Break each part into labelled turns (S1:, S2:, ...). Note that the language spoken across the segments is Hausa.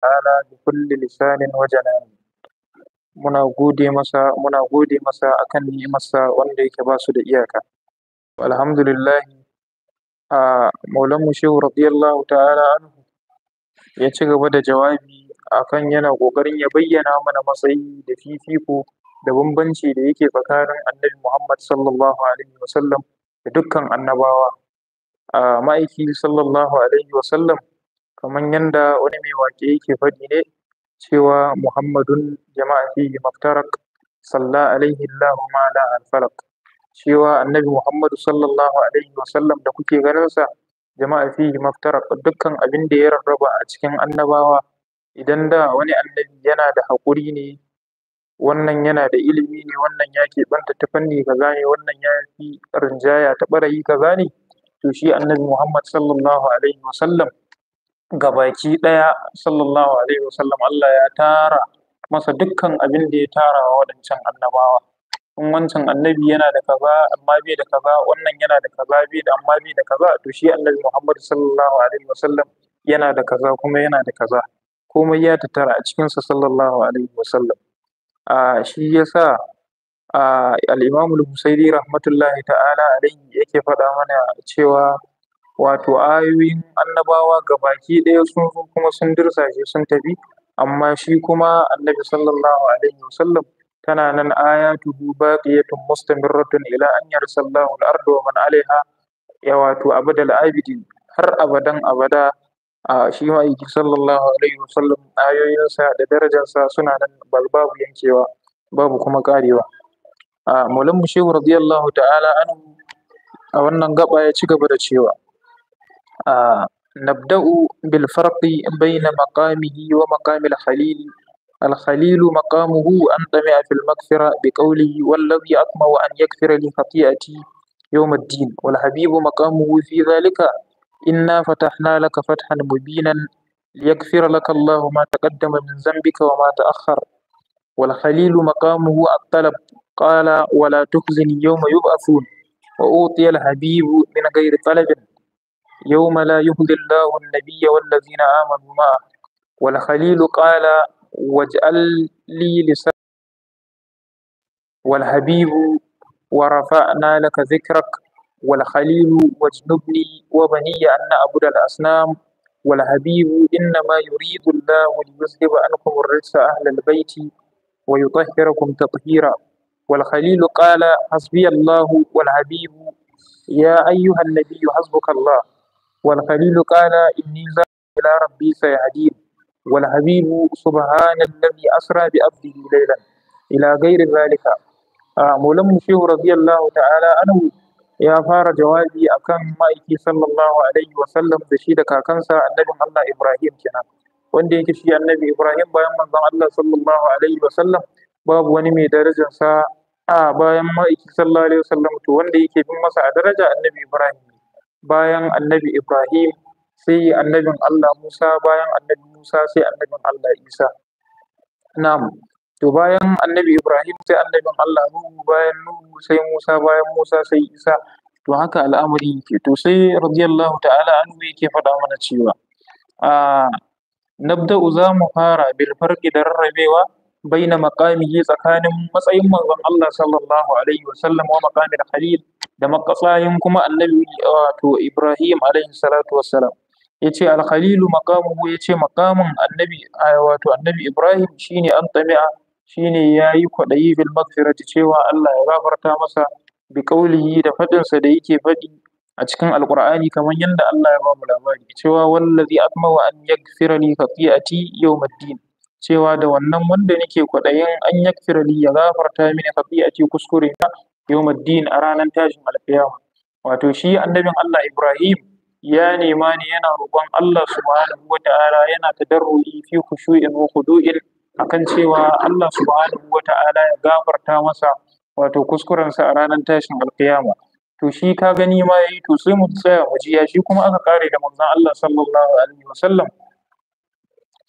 S1: ta'ala bi kulli lisanin wa janani muna gode masa muna gode masa akan ni'imarsa wanda yake ba su da iyaka alhamdulillah a maulan mu shehu radiyallahu ta'ala anhu ya ci gaba da jawabi akan yana kokarin ya bayyana mana matsayi da fifiko da bambanci da yake tsakanin annabi Muhammad sallallahu alaihi wasallam da dukkan annabawa a ma'aiki sallallahu alaihi wasallam kaman yanda wani mai waƙe yake faɗi ne cewa Muhammadun jama'a fihi maftarak salla alaihi Allahu ma la alfalak cewa annabi Muhammadu sallallahu alaihi wa sallam da kuke ganin sa jama'a fihi maftarak dukkan abin da ya rarraba a cikin annabawa idan da wani annabi yana da haƙuri ne wannan yana da ilimi ne wannan ya keɓanta ta fanni kaza ne wannan ya fi rinjaya ta ɓarayi kaza ne to shi annabi Muhammad sallallahu alaihi wa sallam gabaki ɗaya sallallahu alaihi wasallam Allah ya tara masa dukkan abin da ya tara wa waɗancan annabawa in wancan annabi yana da kaza amma bai da kaza wannan yana da kaza bai da amma bai da kaza to shi annabi Muhammad sallallahu alaihi wasallam yana da kaza kuma yana da kaza komai ya tattara a cikinsa sallallahu alaihi wasallam a shi yasa a al-Imam al-Husaini rahmatullahi ta'ala alaihi yake faɗa mana cewa wato ayoyin annabawa gabaki ɗaya sun zo kuma sun dirsashe sun tafi amma shi kuma annabi sallallahu alaihi wasallam tana nan ayatuhu baqiyatun mustamirratun ila an yarsallahu al ardu wa man alaiha ya wato abadal abidin har abadan abada a shi ma'aiki sallallahu alaihi wasallam sa da sa suna nan babu yankewa babu kuma karewa a mulan mushehu radiyallahu ta'ala anhu a wannan gaba ya ci gaba da cewa نبدأ بالفرق بين مقامه ومقام الخليل الخليل مقامه أن طمع في المغفرة بقوله والذي أطمع أن يكفر لخطيئتي يوم الدين والحبيب مقامه في ذلك إنا فتحنا لك فتحا مبينا ليغفر لك الله ما تقدم من ذنبك وما تأخر والخليل مقامه الطلب قال ولا تخزني يوم يبعثون وأوطي الحبيب من غير طلب يوم لا يهدي الله النبي والذين آمنوا معه والخليل قال واجعل لي لسان والحبيب ورفعنا لك ذكرك والخليل واجنبني وبني أن نعبد الأصنام والحبيب إنما يريد الله ليذهب عنكم الرجس أهل البيت ويطهركم تطهيرا والخليل قال حسبي الله والحبيب يا أيها النبي حسبك الله والخليل قال إني ذاهب إلى ربي سيهدين والحبيب سبحان الذي أسرى بأبده ليلا إلى غير ذلك مولم شيخ رضي الله تعالى عنه ya fara jawabi a kan sallallahu alaihi wasallam da shi da kakansa annabin Allah Ibrahim kenan wanda yake shi annabi Ibrahim bayan manzon Allah sallallahu alaihi wasallam babu wani mai darajar sa a bayan ma'aiki sallallahu alaihi wasallam to wanda yake bin masa a daraja annabi Ibrahim bayan annabi Ibrahim sai annabin Allah Musa bayan annabi Musa sai annabin Allah Isa na'am to bayan annabi Ibrahim sai annabin Allah Nuhu bayan Nuhu sai Musa bayan Musa sai Isa to haka al'amari yake to sai radiyallahu ta'ala an anhu yake faɗa mana cewa a ah, nabda'u za mu fara bil farqi da rarrabewa baina maqamihi tsakanin matsayin manzon Allah sallallahu alaihi wa sallam wa maqamil khalil da makatsayin kuma annabi wato Ibrahim alaihi salatu wassalam yace al khalilu maqamuhu yace maqamin annabi wato annabi Ibrahim shine an tami'a shine yayi kwaɗayi bil maghfirati cewa Allah ya gafarta masa bi qaulihi da faɗinsa sa da yake fadi a cikin alqur'ani kamar yadda Allah ya bamu mu labari cewa wallazi atma wa an yaghfira li yau yawmiddin cewa da wannan wanda nake kwaɗayin an yakfira li ya gafarta mini a ce kuskure na yawmaddin a ranar tashin alkiyama wato shi annabin Allah Ibrahim ya nema ne yana roƙon Allah subhanahu wata'ala yana tadarrui fi khushu'in wa khudu'in akan cewa Allah subhanahu wata'ala ya gafarta masa wato kuskurensa a ranar tashin alkiyama to shi ka gani ma yayi to sai mu tsaya mu ji ya shi kuma aka kare da manzon Allah sallallahu alaihi wasallam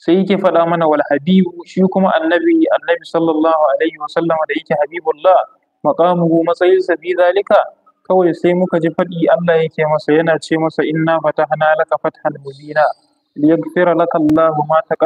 S1: sai yake faɗa mana wal habibu shi kuma annabi annabi sallallahu alaihi wa sallam da yake habibullah maqamuhu matsayinsa bi zalika kawai sai muka ji faɗi Allah yake masa yana ce masa inna fatahna laka fathan mubina liyaghfira laka Allahu ma